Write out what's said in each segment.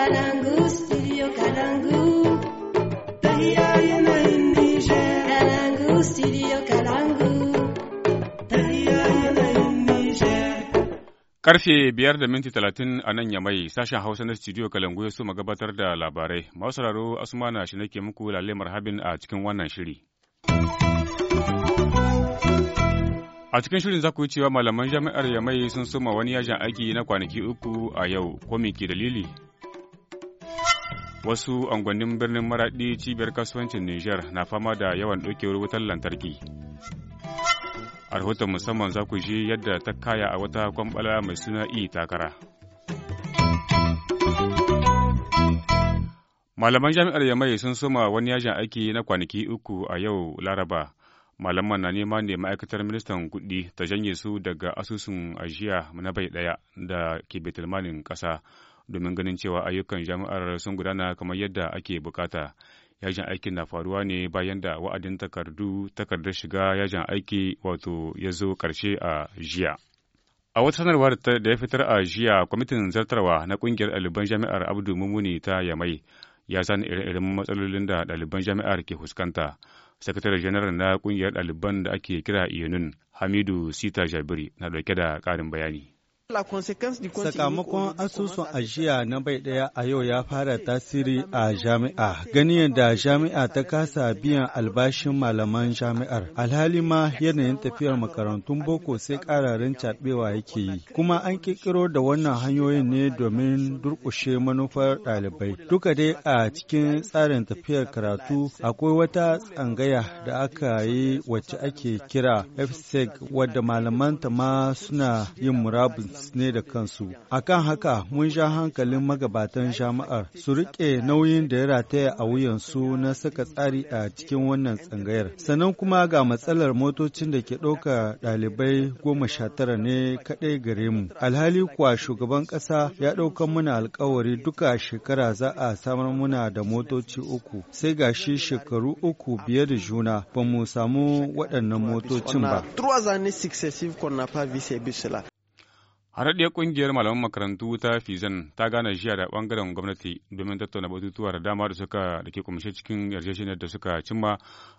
Kalangu, Karfe biyar da minti talatin a nan yamai sashen Hausa na studio Kalangu ya so gabatar da labarai. Masu sauraro Asmana shi nake muku lalle marhabin a cikin wannan shiri. A cikin shirin za ku yi cewa malaman jami'ar Yamai sun soma wani yajin aiki na kwanaki uku a yau, ko ke dalili? wasu angonin birnin maraɗi cibiyar kasuwancin niger na fama da yawan ɗaukewar wutar lantarki a rahoton musamman za ku ji yadda ta kaya a wata kwambala mai suna i takara malaman jami'ar yamai sun soma wani yajin aiki na kwanaki uku a yau laraba malaman na nema ne ma'aikatar ministan kuɗi ta janye su daga asusun ajiya na bai ɗaya da ke betulmanin ƙasa domin ganin cewa ayyukan jami'ar sun gudana kamar yadda ake bukata. Yajin aikin na faruwa ne bayan da wa'adin takardu takardar shiga yajin aiki wato ya zo karshe a jiya. A wata sanarwa da ya fitar a jiya kwamitin zartarwa na kungiyar ɗaliban jami'ar Abdu Mumuni ta Yamai ya san irin-irin matsalolin da ɗaliban jami'ar ke fuskanta. sakatare janaral na kungiyar ɗaliban da ake kira Iyanun hamidu sita jabiri na dauke da ƙarin bayani Sakamakon asusun ajiya na bai ɗaya a yau ya fara tasiri a jami'a, gani yadda jami'a ta kasa biyan albashin malaman jami'ar. Alhali ma yanayin tafiyar makarantun boko sai kararin caɓewa yake yi. Kuma an ƙirƙiro da wannan hanyoyin ne domin durkushe manufar ɗalibai. Duka dai a cikin tsarin tafiyar karatu akwai wata tsangaya da aka yi wacce ake kira FSEC wadda malamanta ma suna yin murabus ne da kansu. a kan haka mun sha hankalin magabatan jama'ar su riƙe nauyin da ya rataya a wuyansu na saka tsari a cikin wannan tsangayar. Sannan kuma ga matsalar motocin da ke ɗauka ɗalibai goma sha tara ne kaɗai gare mu. Alhali kuwa shugaban ƙasa ya ɗauka muna alkawari duka shekara za a samar muna da motoci uku. Sai ga shi shekaru uku biye da juna ba mu samu waɗannan motocin ba. Haɗaɗɗiyar ƙungiyar malaman makarantu ta Fizan ta gane jiya da ɓangaren gwamnati domin tattauna batutuwa da dama da suka da ke kumshe cikin yarjejeniyar da suka cimma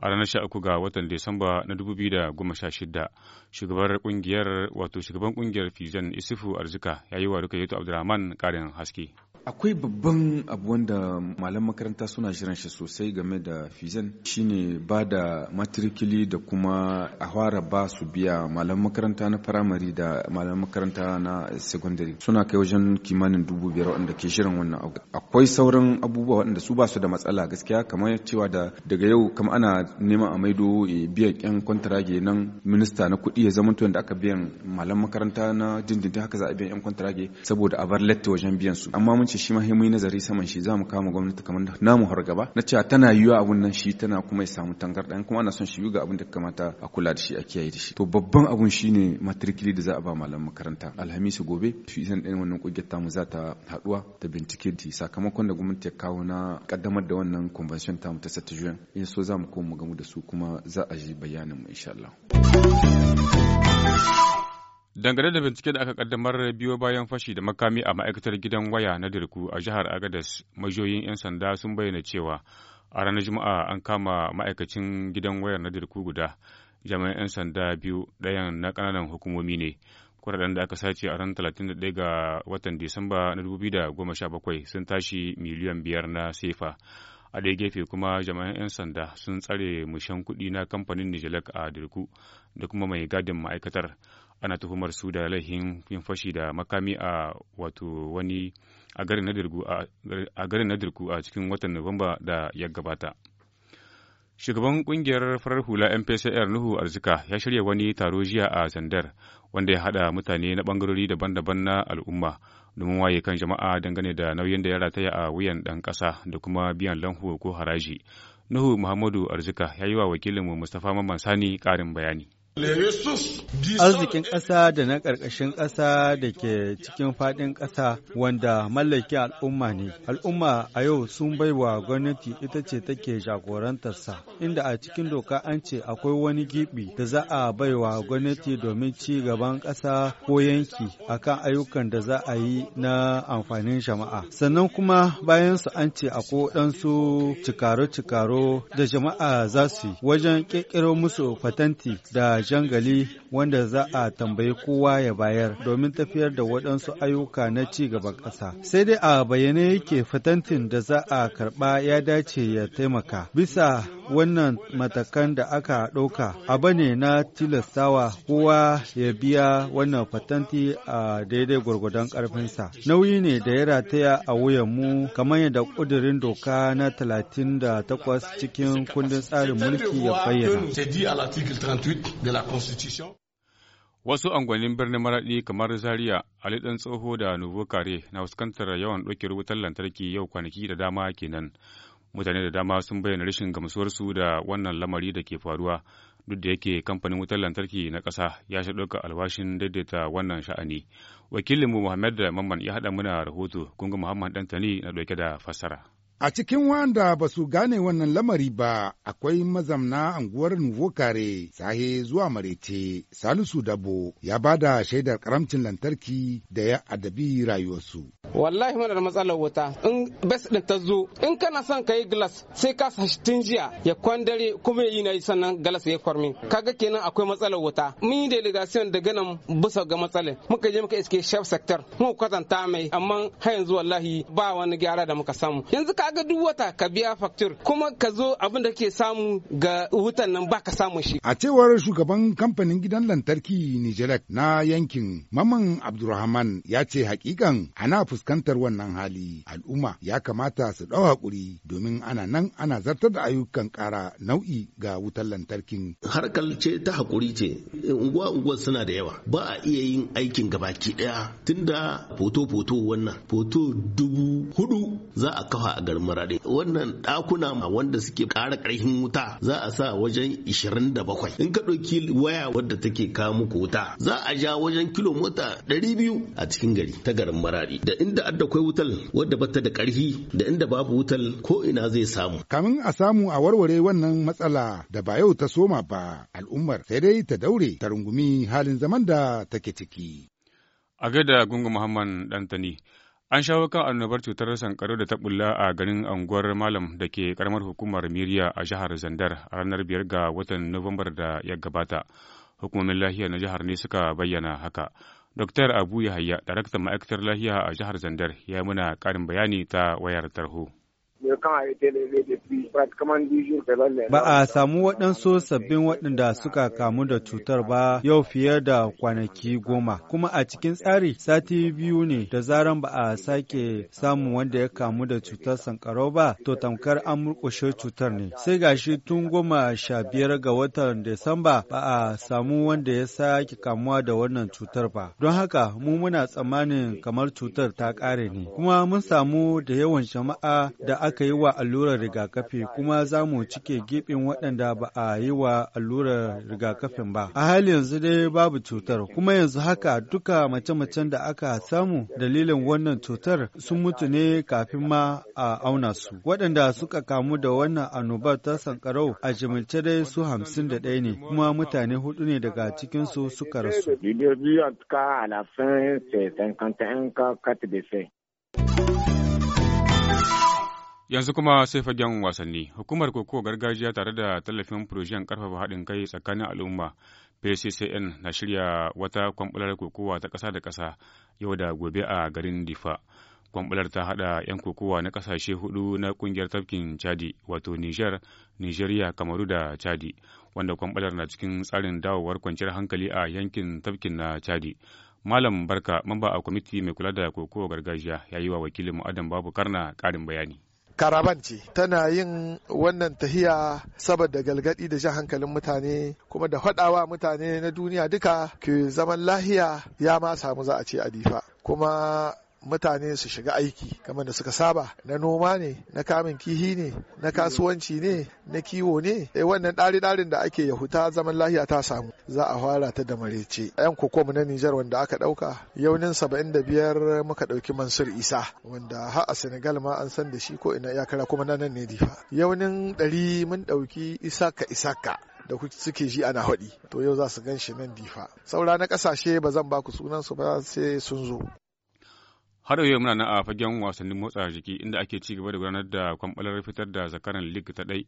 a ranar sha uku ga watan Desamba na dubu biyu da goma sha shida. Shugabar ƙungiyar wato shugaban ƙungiyar Fizan Isufu Arzika ya yi wa Rukayyatu Abdulrahman ƙarin haske. akwai babban abu wanda malam makaranta suna jiran shi sosai game da fizan shine ba da matrikili da kuma a fara ba su biya malam makaranta na firamare da malam makaranta na secondary suna kai wajen kimanin dubu biyar waɗanda ke shirin wannan abu akwai sauran abubuwa waɗanda su ba su da matsala gaskiya kamar cewa da daga yau kama ana neman a maido eh, biyan yan kwantarage nan minista na kuɗi ya zama da aka biyan malam makaranta na dindindin haka za a biyan yan kwantarage saboda a bar latti wajen biyan su amma mun wuce shi yi nazari saman shi za mu kama gwamnati kamar namu hargaba na cewa tana yiwuwa abun nan shi tana kuma ya samu tangarɗa kuma ana son shi ga abin da kamata a kula da shi a kiyaye da shi to babban abun shi ne matrikili da za a ba malam makaranta alhamisu gobe shi isan ɗan wannan ƙungiyar tamu za ta haɗuwa da bincike da sakamakon da gwamnati ya kawo na kaddamar da wannan convention tamu ta sata juyan in so za mu koma mu gamu da su kuma za a ji bayanin mu insha Allah. Dangane da bincike da aka kaddamar biyo bayan fashi da makami a ma'aikatar gidan waya na Dirku a jihar Agadas, majiyoyin 'yan sanda sun bayyana cewa a ranar Juma'a an kama ma'aikacin gidan waya na Dirku guda, jami'an 'yan sanda biyu ɗayan na ƙananan hukumomi ne. Kuɗaɗen da aka sace a ranar 31 ga watan Disamba na 2017 sun tashi miliyan biyar na sefa. a ɗaya gefe kuma jam'ian 'yan sanda sun tsare mushan kuɗi na kamfanin nijalak a dirku da kuma mai gadin ma'aikatar ana tuhumar su da laihin yin fashi da makami a wato wani a garin Nadirku a cikin watan Nuwamba da ya gabata. Shugaban kungiyar farar hula MPCR Nuhu Arzika ya shirya wani taro jiya a Zandar wanda ya hada mutane na bangarori daban-daban na al'umma domin waye kan jama'a dangane da nauyin da ya rataya a wuyan dan kasa da kuma biyan lanhu ko haraji. Nuhu Muhammadu Arzika ya yi wa wakilinmu Mustapha Mamman Sani karin bayani. Arzikin ƙasa da na ƙarƙashin ƙasa da ke cikin faɗin ƙasa wanda mallakin al'umma ne. Al'umma a yau sun baiwa gwamnati ita ce take jagorantarsa, inda a cikin doka an ce akwai wani gibi da za a baiwa gwamnati domin ci gaban ƙasa ko yanki akan ayyukan da za a yi na amfanin jama'a. Sannan kuma bayan su an ce akwai ɗansu cikaro-cikaro da jama'a za su yi wajen ƙirƙiro musu fatanti da gali wanda za a tambayi kowa ya bayar domin tafiyar da waɗansu ayyuka na ci gaban ƙasa. Sai dai a bayyane yake fatantin da za a karɓa ya dace ya taimaka. Bisa wannan matakan da aka ɗauka a bane na tilastawa kowa ya biya wannan fatanti a daidai gwargwadon ƙarfinsa nauyi ne da ya rataya a wuyan wuyanmu kamar yadda ƙudurin doka na talatin da takwas cikin kundin tsarin mulki ya bayyana la Constitution. Wasu angwanin birnin Maraɗi kamar Zaria, Ali ɗan tsoho da Nubo na fuskantar yawan ɗauke wutar lantarki yau kwanaki da dama kenan. Mutane da dama sun bayyana rashin gamsuwarsu da wannan lamari da ke faruwa duk da yake kamfanin wutar lantarki na ƙasa ya sha ɗauka alwashin daidaita wannan sha'ani. Wakilinmu Muhammad da Mamman ya haɗa muna rahoto, kunga Muhammad Dantani na ɗauke da fassara. A cikin wanda ba su gane wannan lamari ba akwai mazamna anguwar nuvokare sahe zuwa Marete, Salisu Dabo ya bada shaidar karamcin lantarki da ya adabi rayuwarsu. wallahi muna da matsalar wuta in bas din ta zo in kana son ka yi glass sai ka sa tun jiya ya kwandare kuma yi na sannan glass ya kwarmi kaga kenan akwai matsalar wuta mun yi delegation daga nan bisa ga matsalar muka je muka iske shaf sector mu kwatanta mai amma har yanzu wallahi ba wani gyara da muka samu yanzu kaga duk wata ka biya facture kuma ka zo abin da ke samu ga wutan nan ba ka samu shi a cewar shugaban kamfanin gidan lantarki Nijelek na yankin Maman Abdulrahman ya ce hakikan ana fuskantar wannan hali al'umma ya kamata su ɗau haƙuri domin ana nan ana zartar da ayyukan ƙara nau'i ga wutar lantarkin. Harkar ce ta hakuri ce unguwa unguwa suna da yawa ba a iya yin aikin gabaki ɗaya tunda foto foto wannan foto dubu hudu za a kafa a garin wannan ɗakuna ma wanda suke ƙara ƙarfin wuta za a sa wajen 27 in ka ɗauki waya wadda take kawo muku wuta za a ja wajen kilomita 200 a cikin gari ta garin maraɗi da inda adda kwai wutal wadda bata da ƙarfi, da inda babu wutar ko ina zai samu kamin a samu a warware wannan matsala da ba yau ta soma ba al'ummar sai dai ta daure ta rungumi halin zaman da take ciki a gaida gungu muhammad dantani An shawo kan annobar cutar sankarau da ta bulla a garin anguwar Malam da ke karamar hukumar Miriya a jihar Zandar a ranar biyar ga watan Nuwambar da ya gabata. Hukumomin lahiya na jihar ne suka bayyana haka. Dr. Abu Yahaya, daraktan ma'aikatar lafiya a jihar Zandar, ya muna ƙarin bayani ta wayar tarho. Ba a samu waɗansu sabbin waɗanda suka kamu da cutar ba yau fiye da kwanaki goma. Kuma a cikin tsari sati biyu ne da zaran ba a sake samun wanda ya kamu da cutar sankarau ba to tamkar an murƙushe cutar ne. Sai gashi tun goma sha biyar ga watan Desamba ba a samu wanda ya sake kamuwa da wannan cutar ba. Don haka mu muna tsammanin kamar cutar ta ƙare ne. Kuma mun samu da yawan jama'a da aka aka yi wa allurar rigakafi kuma za mu cike gibin waɗanda ba a yi wa allurar rigakafin ba. A hali yanzu dai babu cutar, kuma yanzu haka duka mace-macen da aka samu dalilin wannan cutar sun mutu ne kafin ma a auna su. Waɗanda suka kamu da wannan annobar ta sankarau a jimilce dai su hamsin da ɗaya ne, kuma mutane hudu ne daga cikinsu suka rasu. Yanzu kuma sai fagen wasanni, hukumar koko gargajiya tare da tallafin furojen karfafa haɗin kai tsakanin al'umma PCCN na shirya wata kwambular kokowa ta ƙasa da ƙasa yau da gobe a garin Difa. Kwambular ta haɗa 'yan kokowa na ƙasashe hudu na ƙungiyar tafkin Chadi, wato niger nigeria Kamaru da Chadi, wanda kwambular na cikin tsarin dawowar kwanciyar hankali a yankin tafkin na Chadi. Malam Barka, mamba a kwamiti mai kula da kokowa gargajiya, ya yi wa wakilin Adam Babu Karna ƙarin bayani. karaban ce tana yin wannan tahiya saboda galgadi da jan hankalin mutane kuma da faɗawa mutane na duniya duka ke zaman lahiya ya ma samu za a ce adifa kuma mutane su shiga aiki kamar da suka saba na noma ne na kamun kihi ne na kasuwanci ne na kiwo ne eh wannan ɗari ɗarin da ake yahuta zaman lahiya ta samu za a fara ta da marece yan kokom na Nijar wanda aka ɗauka yaunin saba'in da biyar muka ɗauki Mansur Isa wanda har a Senegal ma an san da shi ko ina iyakara kuma na nan ne difa yaunin ɗari mun ɗauki Isaka Isaka da suke ji ana haɗi to yau za su gan shi nan difa saura na ƙasashe ba zan ba ku sunan su ba sai sun zo har yau muna nan a fagen wasannin motsa jiki inda ake ci gaba da gudanar da kwamɓalar fitar da zakaran lig ta ɗai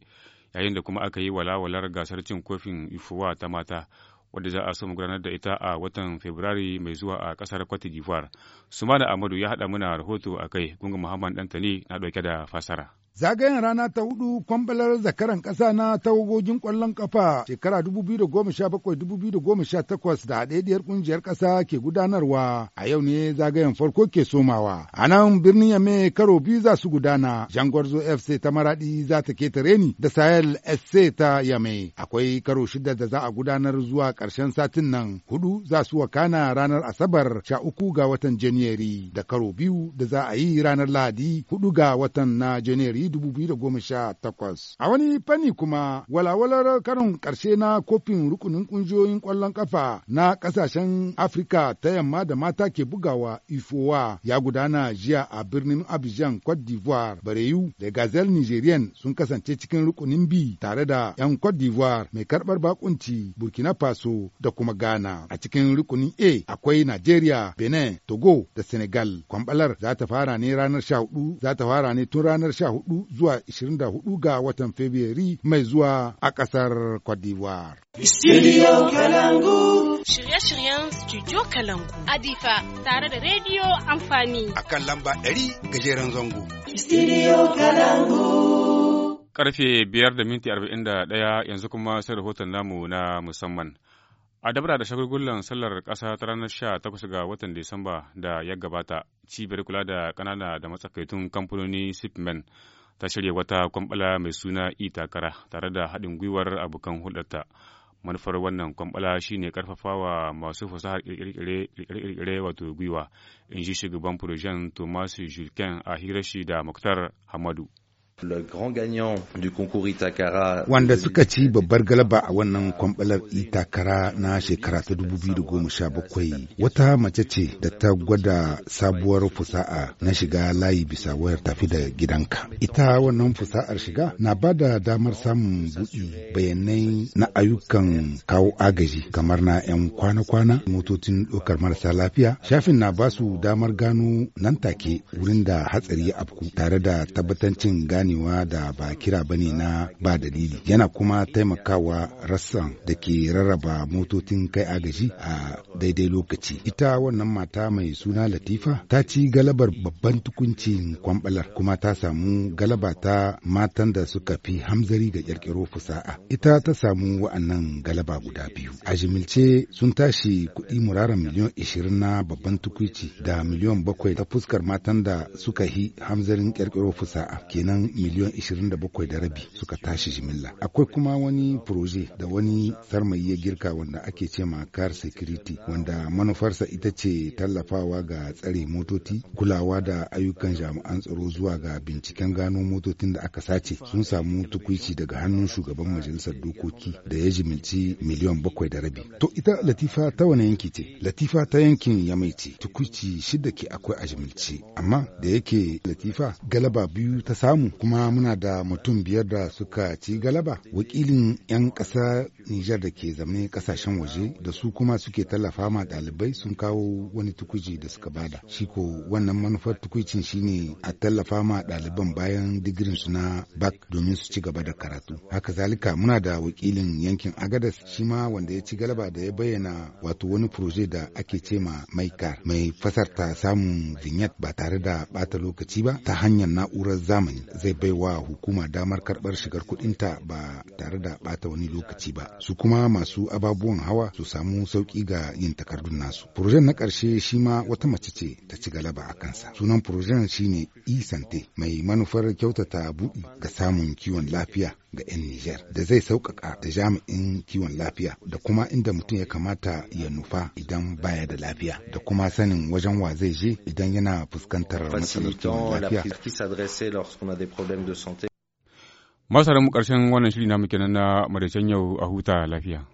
yayin da kuma aka yi walawalar gasar cin kofin ifuwa ta mata wadda za a so gudanar da ita a watan Fabrairu mai zuwa a ƙasar Cote d'Ivoire. Sumana Amadu ya haɗa muna rahoto a kai, Gungun Muhammad Dantani na ɗauke da fasara. Zagayen rana ta hudu kwambalar zakaran ƙasa na tawagogin ƙwallon ƙafa shekara 2017-2018 da haɗaɗiyar ƙungiyar ƙasa ke gudanarwa a yau ne zagayen farko ke somawa. A nan birnin Yame karo biyu za su gudana, Jangwarzo FC ta Maraɗi za ta ke Tareni, da Sahel SC ta Yame. Akwai karo shida da za a gudanar zuwa ƙarshen satin nan, hudu za su wakana ranar Asabar sha uku ga watan Janairu da karo biyu da za a yi ranar Lahadi hudu ga watan na Janairu 2018. A wani fanni kuma walawalar karin ƙarshe na kofin rukunin ƙungiyoyin ƙwallon ƙafa na kasashen Afirka ta yamma da mata ke bugawa ifowa ya gudana jiya a birnin Abidjan, Cote d'Ivoire, Bareyu da Gazelle Nigerian sun kasance cikin rukunin bi tare da 'yan Cote d'Ivoire mai karɓar bakunci Burkina Faso da kuma Ghana. A cikin rukunin A akwai Nigeria, Benin, Togo da Senegal. Kwambalar za ta fara ne ranar 14 za ta fara ne tun ranar 14 23 zuwa 24 ga watan Fabrairu mai zuwa a ƙasar Cote d'Ivoire. Studio Kalangu. Shirye-shiryen Studio Kalangu. Adifa tare da rediyo amfani. A kan lamba 100 gajeren zango. Studio Kalangu. Karfe 5.41 da minti yanzu kuma sai rahoton namu na musamman. A dabara da shagulgullan sallar ƙasa ta ranar sha takwas ga watan Disamba da ya gabata, cibiyar kula da ƙanana da matsakaitun kamfanoni Sipmen ta shirya wata kwambala mai suna i takara tare da haɗin gwiwar abokan hulɗarta manufar wannan kwambala shine karfafawa masu fasahar kirkire wato gwiwa in ji shugaban projen thomas julken a hirashi da muktar hamadu Wanda suka ci babbar galaba a wannan kwambalar itakara na shekara ta 2017 wata mace ce da ta gwada sabuwar fusa'a na shiga layi bisa wayar tafi da gidanka. Ita wannan fusa'ar shiga na ba da damar samun buɗi bayanai na ayyukan kawo agaji kamar na 'yan kwana-kwana motocin ɗaukar marasa lafiya. Shafin na ba su damar gano nan take wurin da hatsari ya afku tare da tabbatancin gane ganewa da ba kira bane na ba dalili yana kuma taimakawa rassan da ke rarraba motocin kai agaji a daidai lokaci ita wannan mata mai suna latifa ta ci galabar babban tukuncin kwambalar kuma ta samu galaba ta matan da suka fi hamzari ga kirkiro fusa'a ita ta samu wa'annan galaba guda biyu a jimilce sun tashi kuɗi murara miliyan ishirin na babban tukuici da miliyon bakwai ta fuskar matan da suka hi hamzarin kirkiro fusa'a kenan miliyan 27 da rabi suka tashi jimilla. Akwai kuma wani proje da wani sarmayi ya girka wanda ake ce ma car security wanda manufarsa ita ce tallafawa ga tsare motoci, kulawa da ayyukan jami'an tsaro zuwa ga binciken gano motocin da aka sace sun samu tukuici daga hannun shugaban majalisar dokoki da ya jimilci miliyan bakwai da rabi. To ita latifa ta wani yanki ce? Latifa ta yankin yamaici ce, tukuici shida ke akwai a jimilci, amma da yake latifa galaba biyu ta samu kuma muna da mutum biyar da suka ci galaba wakilin 'yan ƙasa nijar da ke zaune kasashen waje da su kuma suke tallafa ma ɗalibai sun kawo wani tukuji da suka bada shi ko wannan manufar shi shine a tallafa ma ɗaliban bayan digirin su na bak domin su ci gaba da karatu haka zalika muna da wakilin yankin agadas shi ma wanda ya ci galaba da ya bayyana wato wani proje da ake ce ma maikar mai fasarta samun vignette ba tare da bata lokaci ba ta hanyar na'urar zamani zai bai wa hukuma damar karɓar shigar kuɗinta ba tare da bata wani lokaci ba. Su kuma masu ababuwan hawa su samu sauƙi ga yin takardun nasu. projen na ƙarshe shi ma wata mace ce ta ci galaba a kansa. Sunan projen shine e mai manufar kyautata buɗi ga samun kiwon lafiya ga 'yan Nijar da zai sauƙaƙa da jami'in kiwon lafiya da kuma inda mutum ya kamata ya nufa idan baya da lafiya da kuma sanin wajen wa zai je idan yana fuskantar matsalar kiwon lafiya. Masarar mu ƙarshen wannan shiri na muke na yau a huta lafiya.